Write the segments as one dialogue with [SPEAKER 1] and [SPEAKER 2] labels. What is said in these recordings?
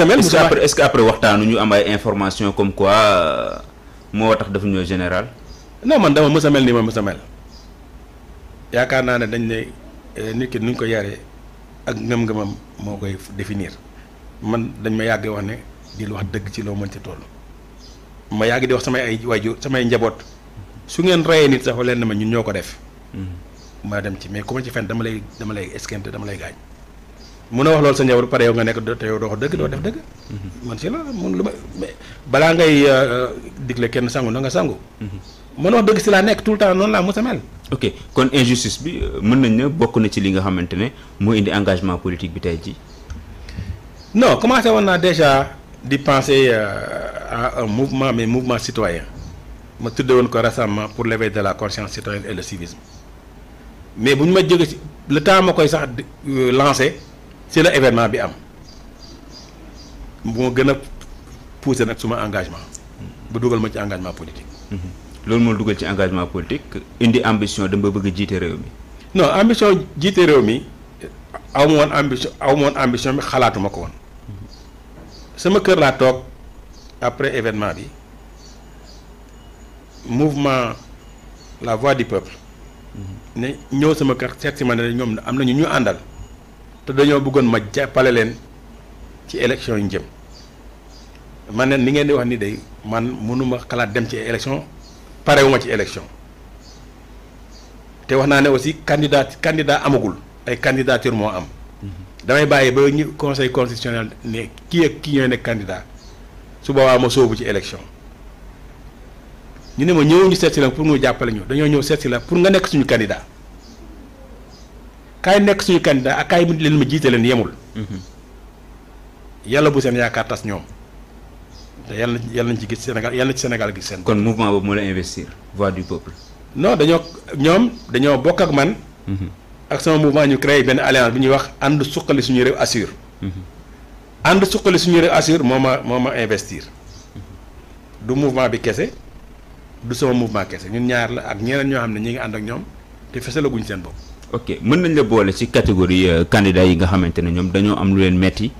[SPEAKER 1] semaine. est-ce que ñu am ay information comme quoi euh, moo tax dafa
[SPEAKER 2] général. non man dama mës a mel nii ma mës yaakaar naa ne dañ ne euh, nit nuñ ko yaree ak ngëm-ngëmam moo koy définir man dañ ma yàgg wax ne di wax dëgg ci loo mën ci toll. ma yàgg di wax samay ay waajur samay njaboot su ngeen reyee nit sax leen na ma ñun ñoo ko def.
[SPEAKER 1] Mm-hmm.
[SPEAKER 2] ma dem ci mais ku ma ci fen dama lay dama lay esquinte dama lay gaañ. mun a wax loolu sa njaboot pare yow nga nekk te yow doo ko dëgg doo def dëgg. Mm-hmm. man si la mun lu ma balaa ngay euh, digle kenn sangu na nga sangu. Mm-hmm. man wax dëgg si laa nekk tout le temps noonu laa mos a mel. ok kon injustice bi euh, mën nañ ne bokk
[SPEAKER 1] na ci li nga xamante ne moo indi engagement politique bi tey jii.
[SPEAKER 2] non commencé woon naa déjà di penser euh, à un mouvement mais mouvement citoyen ma tudde woon ko récemment pour l'éveil de la conscience citoyenne et le civisme mais ma jóge temps ma koy sax lancé. ci la événement bi am moo gën a poussé nag suma engagement bu dugal ma ci engagement politique. Mm-hmm.
[SPEAKER 1] loolu moo dugal ci engagement politik indi ambition dama bëgg a jiite réew mi.
[SPEAKER 2] non ambition jiite réew mi aw ma woon ambition aw ambition bi xalaatuma ko woon sama kër laa toog après événement bi mouvement la voix du peuple mm-hmm. ne ñëw sama kër seet si ma ne ñoom am nañu ñu àndal. te dañoo bëggoon ma jàppale leen ci élection yi njëm man neen ni ngeen di wax ni day man mënuma xalaat dem ci élection parewuma ci élection te wax naa ne aussi candidat candidat amagul ay candidature moo am mhm. damay bàyyi ba ñu conseil constitutionnel ne kii ak kii ñooy nekk candidat su boobaa ma sóobu ci élection ñu ne ma ñëw ñu seet si la pour nga jàppale ñu dañoo ñëw seet la pour nga nekk suñu candidat kaay nekk suñu candidat ak kaay leen ma jiite leen yemul. Mhm. yàlla bu seen yaakaar tas ñoom. te yàlla yàlla nañ ci gis Sénégal yàlla na ci Sénégal gis seen.
[SPEAKER 1] kon mouvement boobu moo la investir voix du peuple.
[SPEAKER 2] non dañoo ñoom dañoo bokk ak man. Mhm. ak sama mouvement ñu créé benn alliance bi ñuy wax ànd suqali suñu réew assure. Mhm. ànd suqali suñu réew assure moo ma moo ma investir. du mouvement bi kese du sama mouvement kese ñun ñaar la ak ñeneen ñoo xam ne ñi ngi ànd ak ñoom te fesalaguñ seen bopp. ok mën
[SPEAKER 1] nañ la boole ci catégorie euh, candidat yi nga xamante ne ñoom dañoo am lu leen metti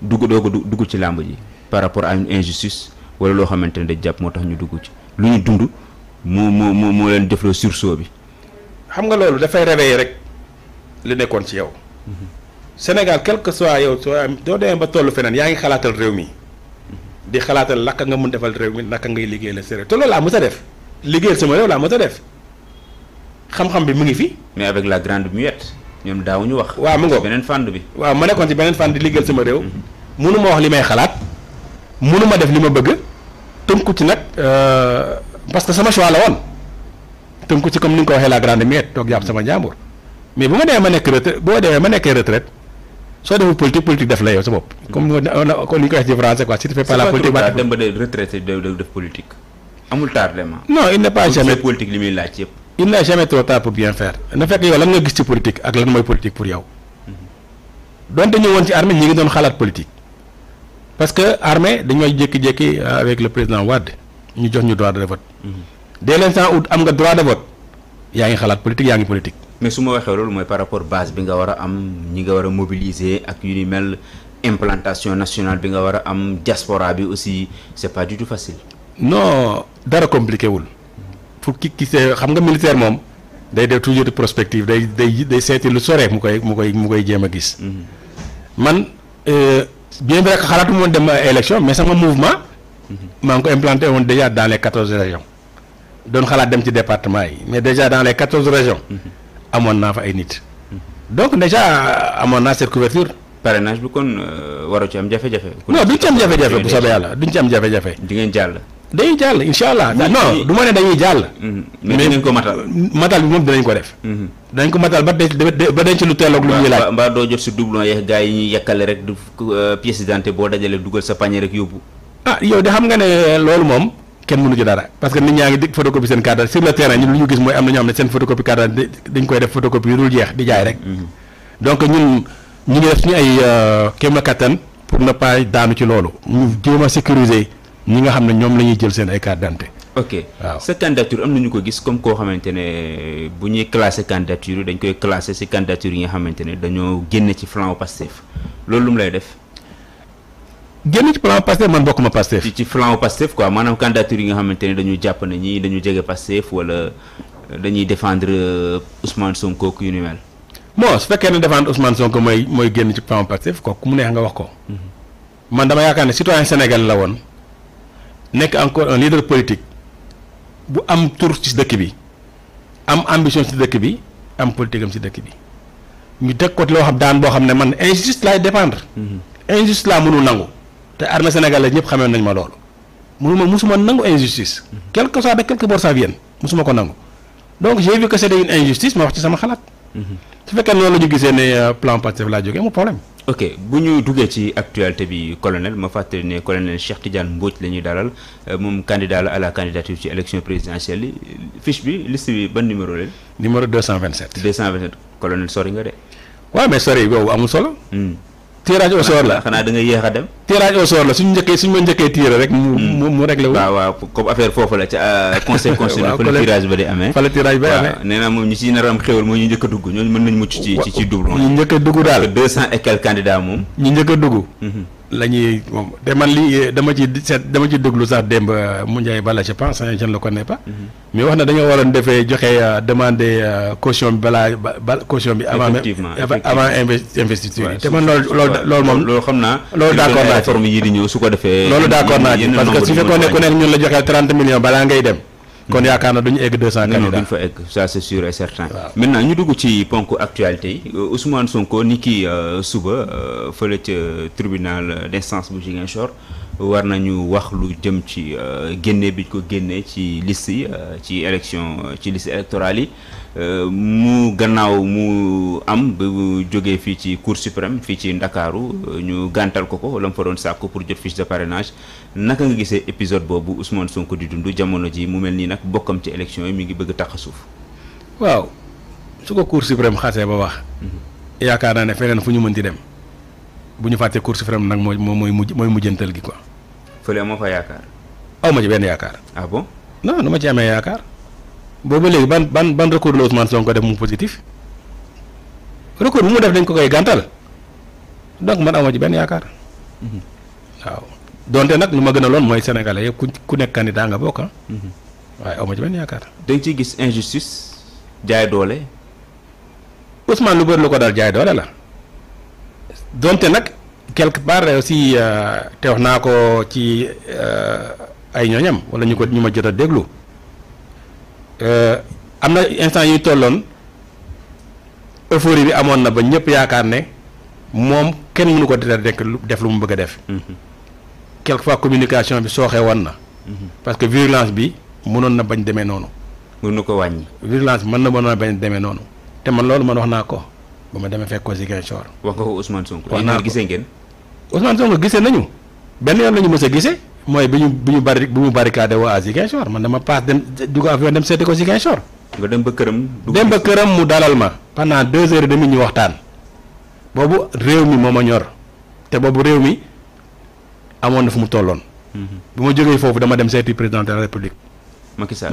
[SPEAKER 1] dugg doo ko dugg ci làmb ji par rapport à une injustice wala loo xamante ne dañ jàpp moo tax ñu dugg ci lu ñu dund moo moo moo moo leen defloo sursaut bi.
[SPEAKER 2] xam nga loolu dafay réveiller rek li nekkoon ci yow. Mhm. Sénégal quel que soit yow soo am demee ba tollu feneen yaa ngi xalaatal réew mi mhm. di xalaatal lakk nga mun defal réew mi naka ngay liggéeyal la sa réew te loolu laa mu a def liggéeyal sama réew laa mës a def. xam-xam bi mu ngi fi.
[SPEAKER 1] mais avec la grande
[SPEAKER 2] muette ñoom daawuñu wax. waaw mu ngoog beneen fànn bi. waaw ma nekkoon ci beneen fànn di liggéeyal sama réew. mënu ma wax li may xalaat mënu ma def li ma bëgg tënku ci nag euh, parce que sama choix la woon comme ni nga ko waxee la grande muette toog jàpp sama njàmbur mais bu ma demee ma nekk retraite boo demee ma nekkee retraite soo defee politique politique def la yow sa bopp. comme ni ko ko waxee ci li muy laaj yëpp. il n'est jamais trop tard pour bien faire na fekk yow lan nga gis ci politique ak lan mooy politique pour yow donte ñu woon ci armée ñu ngi doon xalaat politique parce que armée dañoo jékki euh, avec le président Wade ñu jox ñu droit de vote. dès l'instant où am nga droit de vote yaa ngi xalaat politique yaa ngi politique.
[SPEAKER 1] mais su ma waxee loolu mooy par rapport base bi nga war a am ñi nga war a mobiliser ak yu ni mel implantation nationale bi nga war a am diaspora bi aussi c'est du tout facile.
[SPEAKER 2] non dara wul. fukki gisee xam nga militaire moom day def toujours de prospective day day day seeti lu sore mu koy mu koy mu koy jéem a gis. Mm-hmm. man euh, bien vrai que xalaatu moon dem élection mais sama mouvement. Mm-hmm. maa ngi ko implanté woon déjà dans les quatorze régions. doon xalaat dem ci département yi mais déjà dans les quatorze régions. Mm-hmm. amoon naa fa ay nit. donc déjà euh, amoon naa cette couverture. parrainage bi kon euh, waru ci am jafe-jafe. non duñ ci am bu soobee yàlla duñ ci am jafe-jafe. di ngeen jàll. dañuy jàll incha allah. non du ma ne dañuy jàll.
[SPEAKER 1] Mm-hmm. mais dinañ ko matal.
[SPEAKER 2] matal bi moom dinañ ko def. Mm-hmm. dañ ko matal ba denc ba denc lu teeloog lu ñuy laaj.
[SPEAKER 1] mbaa doo jot si doublon yeeg gars yi ñuy yekkale rek du euh, pièce d'identité boo dajalee dugal sa panier rek yóbbu.
[SPEAKER 2] ah yow de xam nga ne loolu moom kenn mënu ci dara parce que nit ñaa ngi di photocopie seen carte sur le ñu gis mooy am na ñoo xam ne seen photocopie carte dañ koy def photocopie yu dul jeex di jaay rek. Mm-hmm. donc ñu ngi def suñu ay euh, kéema kattan pour ne pas daanu ci loolu. ñu jéem a sécuriser. ñi nga xam ne ñoom la ñuy jël seen ay carte d'identité
[SPEAKER 1] ok waaw sa candidature am ñu ko gis comme koo xamante ne bu ñuy classé candidature dañ koy classé si candidature yi nga xamante ne dañoo génn ci flanc Pastef loolu lu mu lay def génn ci plan Pastef man bokkuma Pastef ci flanc Pastef quoi maanaam candidature yi nga xamante ne dañu jàpp ne dañu jege Pastef wala dañuy défendre euh, Ousmane Sonko ku yu ni mel
[SPEAKER 2] moo su fekkee na défendre Ousmane Sonko mooy mooy génn ci plan Pastef ko ku mu neex nga wax ko mhm. man dama yaakaar ne citoyen Sénégal la woon nekk encore un leader politique bu am tur ci dëkk bi am ambition ci dëkk bi am politique am ci dëkk bi ñu teg ko loo xam daan boo xam ne man injuste laay dépendre. Mhm. injuste laa mënul nangu. te armée sénégalaise ñëpp xamee nañ ma loolu. mënuma musuma nangu injustice. Mhm. quel que soit de quelque bord ça vienne musuma ko nangu. donc j'ai vu que c'était une injustice ma wax ci sama xalaat. Mhm. su fekkee noonu la ñu gisee ne euh, plan Pastef laa jógee amul problème. ok bu ñu duggee ci actualité bi
[SPEAKER 1] colonel ma fàttali ne colonel Cheikh Tidiane Mbodj la dalal euh, moom candidat la à la ci élection présidentielle yi bi liste bi ban numéro leen numéro colonel sori nga de. waaw mais sori boobu amul solo. Hmm. tirage au sort la xanaa da nga yéex a dem.
[SPEAKER 2] tirage au sort la suñu njëkkee suñu ma njëkkee tiire rek. Hmm. mu mu réglé wu. waaw waaw comme affaire foofu la ca euh, conseil constitutionnel. waaw fa la tirage ba di amee. fa la tirage ba di amee waaw
[SPEAKER 1] nee naa moom ñi ci nar am xéwal mooy ñu njëkk dugg ñooñu mën nañu mucc ci ci ci doublon. ñu njëkk a dugg daal parce que deux cent et quelques moom.
[SPEAKER 2] ñu njëkk dugg. Hmm, hmm. la moom te man lii eh, dama ci seet dama ci déglu sax démb euh, mu Ndiaye Bala je pense je ne le connais mhm. mais wax na dañoo waroon defee joxe euh, demander euh, caution bi balaa ba caution bi. avant investiture te man loolu loolu loolu naa ko defee. loolu d' accord naa parce que su fekkoon ne ku nekk ñun la joxee 30 millions balaa ngay dem. kon yaakaar na duñu egg deux cent candidats duñ fa
[SPEAKER 1] egg ça c'est sûr et certain maintenant ñu dugg ci ponk actualité yi euh, Ousmane Sonko ni ki euh, suba euh, fële ca tribunal d'instance bu Ziguinchor war nañu wax lu jëm ci euh, génne bi ko génne ci liste yi euh, ci élection euh, ci liste électorale yi mu gannaaw mu am ba jógee fii ci cour suprême fii ci ndakaaru ñu gàntal ko ko la mu fa doon sàkku pour jot fiche de parrainage naka nga gisee épisode boobu Ousmane Sonko di dundu jamono ji mu mel nii nag
[SPEAKER 2] bokkam ci élection yi mi ngi bëgg tax a suuf waaw su ko cour suprême xasee ba wax mhm. yaakaar naa ne feneen fu ñu mën di dem bu ñu fàttee cour suprême nag mooy mooy mujj mooy mujjantal gi quoi fële amoo fa yaakaar. aw ma ci benn yaakaar. ah bon non nu ma ci amee yaakaar. boobu léegi ban ban ban recours la Ousmane Sonko def mu positif recours bu mu def dañ ko koy gàntal donc man aw ma ci benn yaakaar. Mhm. waaw donte nag lu ma gën a lool mooy sénégalais yëpp ku ku nekk candidat nga bokk ah. mhm. waaye aw ma ci benn yaakaar. dañ ciy gis injustice jaay doole. Ousmane lu bëri lu ko dal jaay doole la donte nag quelque part euh, aussi euh, te wax naa ko ci euh, ay ñooñam wala ñu ko ñu ma jot a déglu am na instant yu tolloon euphorie bi amoon na ba ñëpp yaakaar ne moom kenn mënu ko dina def lu mu bëgg a def. Mm-hmm. quelque fois communication bi sooxee woon na. Mm-hmm. parce que virulence bi mënoon na bañ demee noonu. mënu ko wàññi. virulence bi mën na mënoon a bañ demee noonu te man loolu man wax naa ko. ba ma demee fekk ko Ziguinchor. wax nga ko Ousmane Sonko. wax naa ko gisee ngeen. Ousmane Sonko gisee nañu benn yoon la ñu mës a gisee mooy bi ñu bi ñu bari bi mu barricadé woo à Ziguinchor man dama paas dem dugg avion dem seeti nga dem ba këram. dem ba këram mu dalal ma. pandant deux heures et demie ñu waxtaan boobu réew mi moo ma ñor te boobu réew mi amoon na fu mu tolloon. Mhm. bu ma jógee foofu dama dem seeti président de la république. Macky